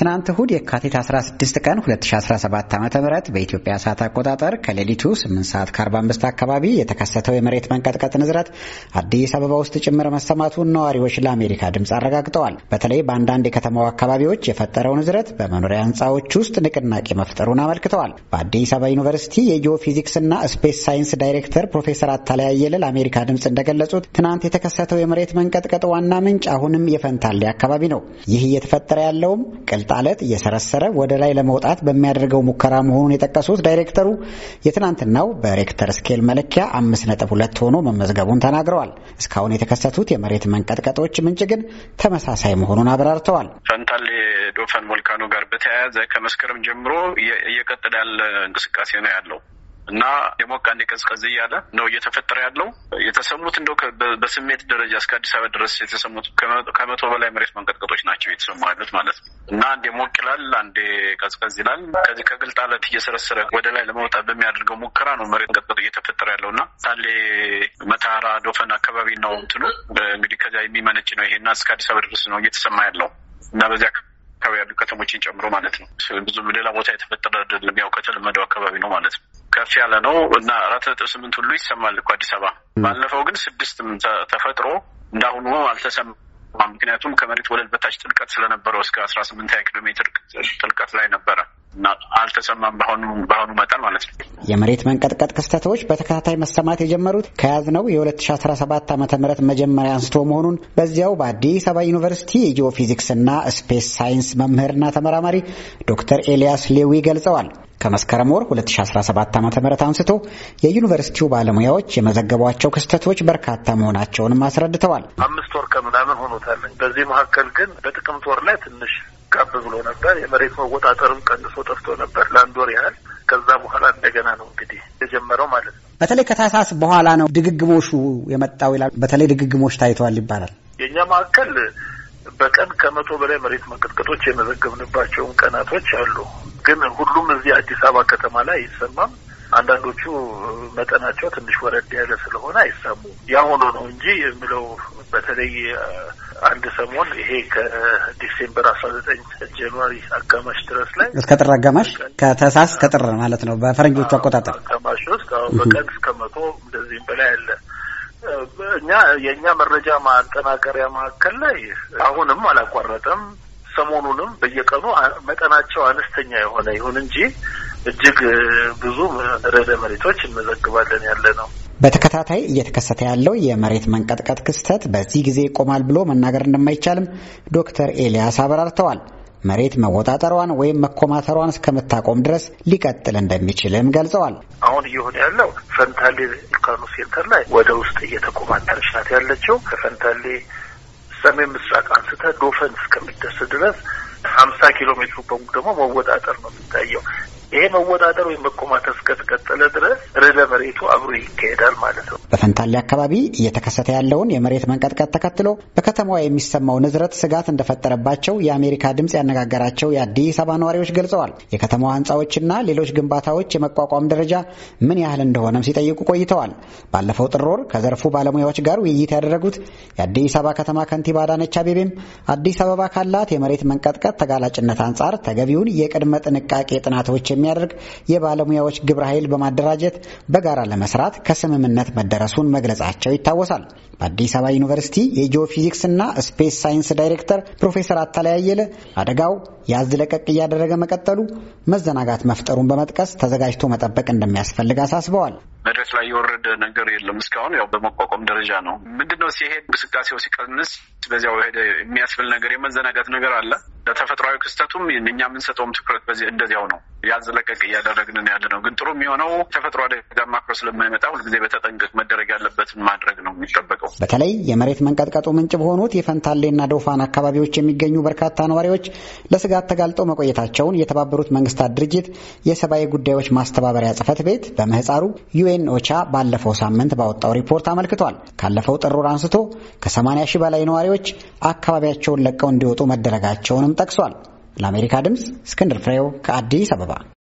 ትናንት እሁድ የካቲት 16 ቀን 2017 ዓ ም በኢትዮጵያ ሰዓት አቆጣጠር ከሌሊቱ 8 ሰዓት ከ45 አካባቢ የተከሰተው የመሬት መንቀጥቀጥ ንዝረት አዲስ አበባ ውስጥ ጭምር መሰማቱን ነዋሪዎች ለአሜሪካ ድምፅ አረጋግጠዋል። በተለይ በአንዳንድ የከተማው አካባቢዎች የፈጠረው ንዝረት በመኖሪያ ህንፃዎች ውስጥ ንቅናቄ መፍጠሩን አመልክተዋል። በአዲስ አበባ ዩኒቨርሲቲ የጂኦ ፊዚክስና ስፔስ ሳይንስ ዳይሬክተር ፕሮፌሰር አታላይ አየለ ለአሜሪካ ድምፅ እንደገለጹት ትናንት የተከሰተው የመሬት መንቀጥቀጥ ዋና ምንጭ አሁንም የፈንታሌ አካባቢ ነው። ይህ እየተፈጠረ ያለውም የመሬት ጣለት እየሰረሰረ ወደ ላይ ለመውጣት በሚያደርገው ሙከራ መሆኑን የጠቀሱት ዳይሬክተሩ የትናንትናው በሬክተር ስኬል መለኪያ አምስት ነጥብ ሁለት ሆኖ መመዝገቡን ተናግረዋል። እስካሁን የተከሰቱት የመሬት መንቀጥቀጦች ምንጭ ግን ተመሳሳይ መሆኑን አብራርተዋል። ፈንታሌ ዶፈን ቮልካኖ ጋር በተያያዘ ከመስከረም ጀምሮ እየቀጠለ ያለ እንቅስቃሴ ነው ያለው እና የሞቀ አንዴ ቀዝቀዝ እያለ ነው እየተፈጠረ ያለው። የተሰሙት እንደው በስሜት ደረጃ እስከ አዲስ አበባ ድረስ የተሰሙት ከመቶ በላይ መሬት መንቀጥቀጦች ናቸው የተሰሙ ያሉት ማለት ነው። እና አንዴ ሞቅ ይላል፣ አንዴ ቀዝቀዝ ይላል። ከዚህ ከግልጥ አለት እየሰረሰረ ወደ ላይ ለመውጣት በሚያደርገው ሙከራ ነው መሬት መንቀጥቀጡ እየተፈጠረ ያለው እና ሳሌ መተሃራ ዶፈን አካባቢ ነው እንትኑ እንግዲህ ከዚያ የሚመነጭ ነው ይሄና እስከ አዲስ አበባ ድረስ ነው እየተሰማ ያለው እና በዚያ አካባቢ ያሉ ከተሞችን ጨምሮ ማለት ነው። ብዙም ሌላ ቦታ የተፈጠረ አይደለም። ያው ከተለመደው አካባቢ ነው ማለት ነው። ከፍ ያለ ነው እና አራት ነጥብ ስምንት ሁሉ ይሰማል እኮ አዲስ አበባ። ባለፈው ግን ስድስትም ተፈጥሮ እንዳሁኑ አልተሰማ። ምክንያቱም ከመሬት ወለል በታች ጥልቀት ስለነበረው እስከ አስራ ስምንት ሀያ ኪሎ ሜትር ጥልቀት ላይ ነበረ እና አልተሰማም። በአሁኑ በአሁኑ መጠን ማለት ነው። የመሬት መንቀጥቀጥ ክስተቶች በተከታታይ መሰማት የጀመሩት ከያዝነው የ2017 ዓ ም መጀመሪያ አንስቶ መሆኑን በዚያው በአዲስ አበባ ዩኒቨርሲቲ የጂኦፊዚክስና ስፔስ ሳይንስ መምህርና ተመራማሪ ዶክተር ኤልያስ ሌዊ ገልጸዋል። ከመስከረም ወር 2017 ዓ ም አንስቶ የዩኒቨርሲቲው ባለሙያዎች የመዘገቧቸው ክስተቶች በርካታ መሆናቸውንም አስረድተዋል። አምስት ወር ከምናምን ሆኖታል። በዚህ መካከል ግን በጥቅምት ወር ላይ ትንሽ ጋብ ብሎ ነበር። የመሬት መወጣጠርም ቀንሶ ጠፍቶ ነበር ለአንድ ወር ያህል። ከዛ በኋላ እንደገና ነው እንግዲህ የጀመረው ማለት ነው። በተለይ ከታህሳስ በኋላ ነው ድግግሞሹ የመጣው ይላል። በተለይ ድግግሞሽ ታይተዋል ይባላል። የእኛ መካከል በቀን ከመቶ በላይ መሬት መንቀጥቀጦች የመዘገብንባቸውን ቀናቶች አሉ። ግን ሁሉም እዚህ አዲስ አበባ ከተማ ላይ አይሰማም። አንዳንዶቹ መጠናቸው ትንሽ ወረድ ያለ ስለሆነ አይሰሙም። ያ ሆኖ ነው እንጂ የምለው በተለይ አንድ ሰሞን ይሄ ከዲሴምበር አስራ ዘጠኝ ጃንዋሪ አጋማሽ ድረስ ላይ እስከ ጥር አጋማሽ ከታህሳስ እስከ ጥር ማለት ነው በፈረንጆቹ አቆጣጠር አጋማሽ ውስጥ በቀን እስከ መቶ እንደዚህም በላይ አለ። እኛ የእኛ መረጃ ማጠናቀሪያ ማዕከል ላይ አሁንም አላቋረጠም። ሰሞኑንም በየቀኑ መጠናቸው አነስተኛ የሆነ ይሁን እንጂ እጅግ ብዙ ርዕደ መሬቶች እንመዘግባለን ያለ ነው። በተከታታይ እየተከሰተ ያለው የመሬት መንቀጥቀጥ ክስተት በዚህ ጊዜ ይቆማል ብሎ መናገር እንደማይቻልም ዶክተር ኤልያስ አብራርተዋል። መሬት መወጣጠሯን ወይም መኮማተሯን እስከምታቆም ድረስ ሊቀጥል እንደሚችልም ገልጸዋል። አሁን እየሆነ ያለው ፈንታሌ ቮልካኖ ሴንተር ላይ ወደ ውስጥ እየተኮማተረች ናት ያለችው ከፈንታሌ ሰሜን ምስራቅ አንስተ ዶፈን እስከሚደርስ ድረስ ሀምሳ ኪሎ ሜትሩ በሙሉ ደግሞ መወጣጠር ነው የሚታየው። ይሄ መወጣጠር ወይም መቆማተር እስከተቀጠለ ድረስ ርዕደ መሬቱ አብሮ ይካሄዳል ማለት ነው። በፈንታሌ አካባቢ እየተከሰተ ያለውን የመሬት መንቀጥቀጥ ተከትሎ በከተማዋ የሚሰማው ንዝረት ስጋት እንደፈጠረባቸው የአሜሪካ ድምፅ ያነጋገራቸው የአዲስ አበባ ነዋሪዎች ገልጸዋል። የከተማዋ ህንፃዎችና ሌሎች ግንባታዎች የመቋቋም ደረጃ ምን ያህል እንደሆነም ሲጠይቁ ቆይተዋል። ባለፈው ጥር ወር ከዘርፉ ባለሙያዎች ጋር ውይይት ያደረጉት የአዲስ አበባ ከተማ ከንቲባ አዳነች አቤቤም አዲስ አበባ ካላት የመሬት መንቀጥቀጥ ተጋላጭነት አንጻር ተገቢውን የቅድመ ጥንቃቄ ጥናቶች የሚያደርግ የባለሙያዎች ግብረ ኃይል በማደራጀት በጋራ ለመስራት ከስምምነት መደረ መደረሱን መግለጻቸው ይታወሳል። በአዲስ አበባ ዩኒቨርሲቲ የጂኦ ፊዚክስ ስፔስ ሳይንስ ዳይሬክተር ፕሮፌሰር አታላይ አየለ አደጋው ያዝ ለቀቅ እያደረገ መቀጠሉ መዘናጋት መፍጠሩን በመጥቀስ ተዘጋጅቶ መጠበቅ እንደሚያስፈልግ አሳስበዋል። መድረክ ላይ የወረደ ነገር የለም። እስካሁን ያው በመቋቋም ደረጃ ነው። ምንድነው ሲሄድ እንቅስቃሴው ሲቀንስ በዚያው ሄደ የሚያስብል ነገር የመዘናጋት ነገር አለ። ለተፈጥሯዊ ክስተቱም እኛ የምንሰጠውም ትኩረት በዚህ እንደዚያው ነው። ያዝ ለቀቅ እያደረግንን ያለ ነው። ግን ጥሩ የሚሆነው ተፈጥሮ አደጋ ማክሮ ስለማይመጣ ሁልጊዜ በተጠንቀቅ መደረግ ያለበትን ማድረግ ነው የሚጠበቀው። በተለይ የመሬት መንቀጥቀጡ ምንጭ በሆኑት የፈንታሌና ዶፋን አካባቢዎች የሚገኙ በርካታ ነዋሪዎች ለስጋት ተጋልጠው መቆየታቸውን የተባበሩት መንግስታት ድርጅት የሰብአዊ ጉዳዮች ማስተባበሪያ ጽህፈት ቤት በምህፃሩ ዩኤን ኦቻ ባለፈው ሳምንት ባወጣው ሪፖርት አመልክቷል። ካለፈው ጥር ወር አንስቶ ከ80 ሺህ በላይ ነዋሪዎች አካባቢያቸውን ለቀው እንዲወጡ መደረጋቸውንም ጠቅሷል። ለአሜሪካ ድምፅ እስክንድር ፍሬው ከአዲስ አበባ